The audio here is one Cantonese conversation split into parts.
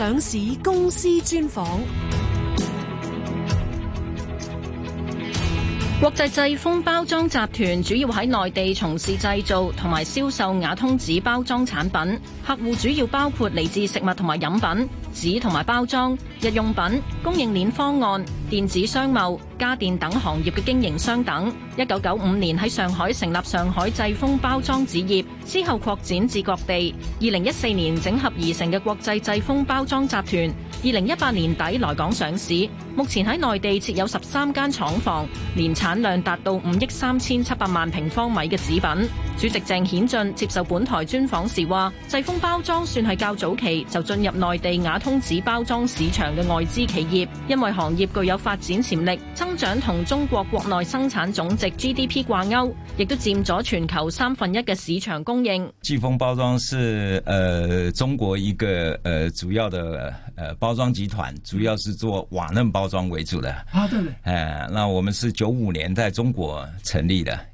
上市公司專訪：國際濟豐包裝集團主要喺內地從事製造同埋銷售瓦通紙包裝產品，客戶主要包括嚟自食物同埋飲品。紙同埋包裝、日用品供應鏈方案、電子商貿、家電等行業嘅經營商等。一九九五年喺上海成立上海濟豐包裝紙業，之後擴展至各地。二零一四年整合而成嘅國際濟豐包裝集團。二零一八年底來港上市，目前喺內地設有十三間廠房，年產量達到五億三千七百萬平方米嘅紙品。主席鄭顯俊接受本台專訪時話：，濟豐包裝算係較早期就進入內地瓦通紙包裝市場嘅外資企業，因為行業具有發展潛力，增長同中國國內生產總值 GDP 掛鈎，亦都佔咗全球三分一嘅市場供應。濟豐包裝是、呃、中國一個、呃主要呃、主要的包裝集團，主要是做瓦楞包裝為主的啊，對。誒，那我們是九五年在中國成立嘅。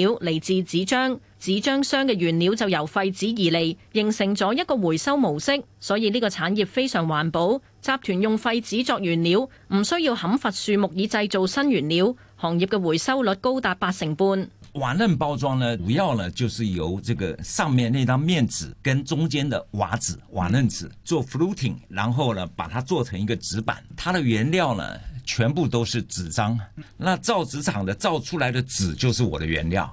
料嚟自紙張，紙張箱嘅原料，就由廢紙而嚟，形成咗一個回收模式，所以呢個產業非常環保。集團用廢紙作原料，唔需要砍伐樹木以製造新原料，行業嘅回收率高達八成半。瓦楞包裝呢，主要呢，就是由這個上面那張面紙跟中間的瓦紙、瓦楞紙做 fluting，然後呢，把它做成一個紙板，它的原料呢全部都是紙張。那造紙廠的造出來的紙就是我的原料。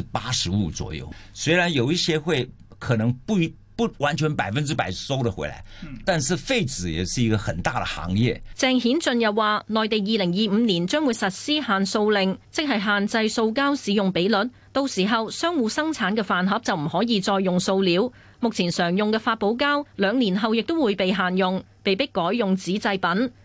八十五左右，雖然有一些會可能不不完全百分之百收得回來，但是廢紙也是一個很大的行業。鄭顯、嗯、俊又話，內地二零二五年將會實施限塑令，即係限制塑膠使用比率。到時候商戶生產嘅飯盒就唔可以再用塑料。目前常用嘅發泡膠兩年後亦都會被限用，被逼改用紙製品。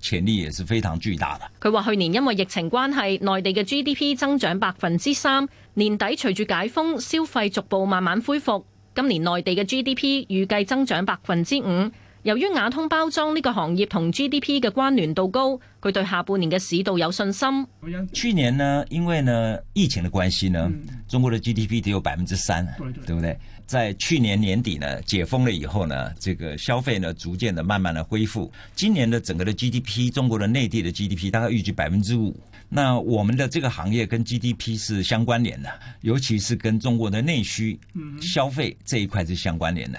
潛力也是非常巨大的。佢話：去年因為疫情關係，內地嘅 GDP 增長百分之三，年底隨住解封，消費逐步慢慢恢復。今年內地嘅 GDP 預計增長百分之五。由於亞通包裝呢個行業同 GDP 嘅關聯度高，佢對下半年嘅市道有信心。去年呢，因為呢疫情的關係呢，中國的 GDP 只有百分之三，對不對？在去年年底呢解封了以後呢，這個消費呢逐漸的慢慢的恢復。今年的整個的 GDP，中國的內地的 GDP 大概預計百分之五。那我們的這個行業跟 GDP 是相關聯的，尤其是跟中國的內需消費這一塊是相關聯的。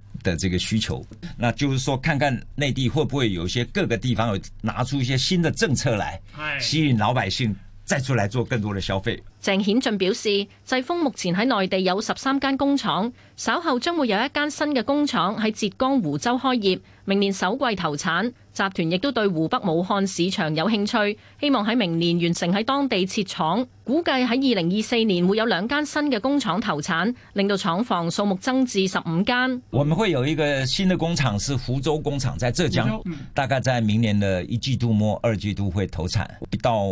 的這個需求，那就是說，看看內地會不會有一些各個地方有拿出一些新的政策來，吸引老百姓再出來做更多的消費。鄭顯俊表示，濟豐目前喺內地有十三間工廠，稍後將會有一間新嘅工廠喺浙江湖州開業，明年首季投產。集團亦都對湖北武漢市場有興趣，希望喺明年完成喺當地設廠，估計喺二零二四年會有兩間新嘅工廠投產，令到廠房數目增至十五間。我們會有一個新的工廠，是湖州工廠，在浙江，大概在明年的一季度末、二季度會投產。到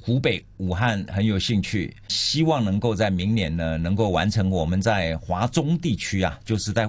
湖北武漢很有興趣，希望能夠在明年呢，能夠完成我們在華中地區啊，就是在。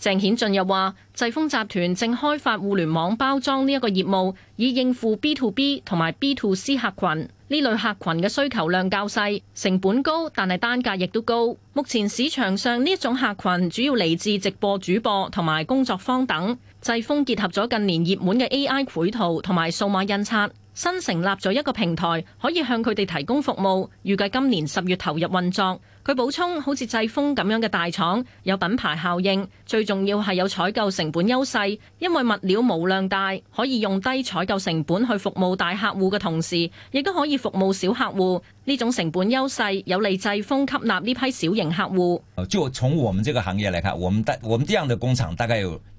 鄭顯進又話：濟豐集團正開發互聯網包裝呢一個業務，以應付 B to B 同埋 B to C 客群。呢類客群嘅需求量較細，成本高，但係單價亦都高。目前市場上呢一種客群主要嚟自直播主播同埋工作方等。濟豐結合咗近年熱門嘅 AI 繪圖同埋數碼印刷。新成立咗一個平台，可以向佢哋提供服務。預計今年十月投入運作。佢補充：好似濟豐咁樣嘅大廠，有品牌效應，最重要係有採購成本優勢，因為物料無量大，可以用低採購成本去服務大客戶嘅同時，亦都可以服務小客戶。呢種成本優勢有利濟豐吸納呢批小型客戶。就從我們這個行業嚟看，我們大，我們這樣的工廠大概有。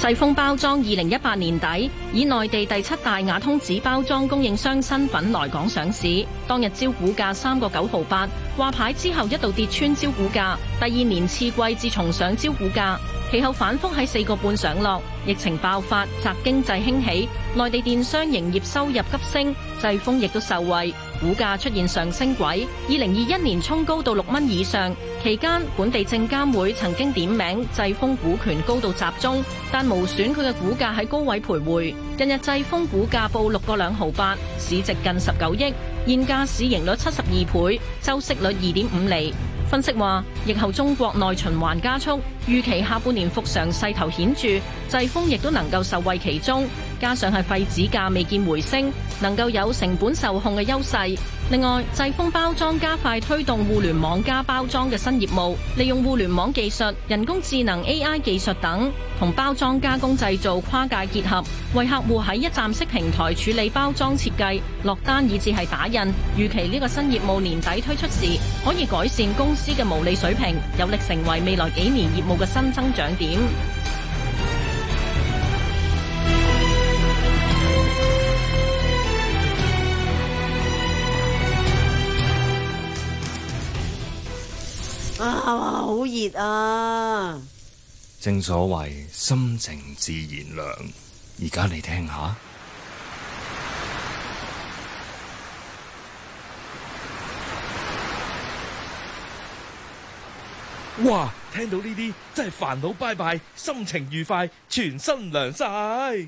濟豐包裝二零一八年底以內地第七大瓦通紙包裝供應商身份來港上市，當日招股價三個九毫八，掛牌之後一度跌穿招股價，第二年次季至重上招股價，其後反覆喺四個半上落，疫情爆發集經濟興起。內地電商營業收入急升，濟豐亦都受惠，股價出現上升軌，二零二一年沖高到六蚊以上。期間，本地證監會曾經點名濟豐股權高度集中，但無損佢嘅股價喺高位徘徊。近日濟豐股價報六個兩毫八，市值近十九億，現價市盈率七十二倍，周息率二點五厘。分析話，疫後中國內循環加速，預期下半年復常勢頭顯著，濟豐亦都能夠受惠其中，加上係廢紙價未見回升，能夠有成本受控嘅優勢。另外，濟豐包裝加快推動互聯網加包裝嘅新業務，利用互聯網技術、人工智能 AI 技術等，同包裝加工製造跨界結合，為客戶喺一站式平台處理包裝設計、落單以至係打印。預期呢個新業務年底推出時，可以改善公司嘅毛利水平，有力成為未來幾年業務嘅新增長點。哇，好熱啊！正所謂心情自然涼，而家你聽下。哇，聽到呢啲真係煩惱拜拜，心情愉快，全身涼晒。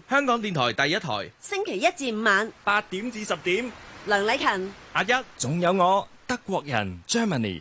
香港電台第一台，星期一至五晚八點至十點，梁禮勤，阿一，仲有我，德國人 Germany。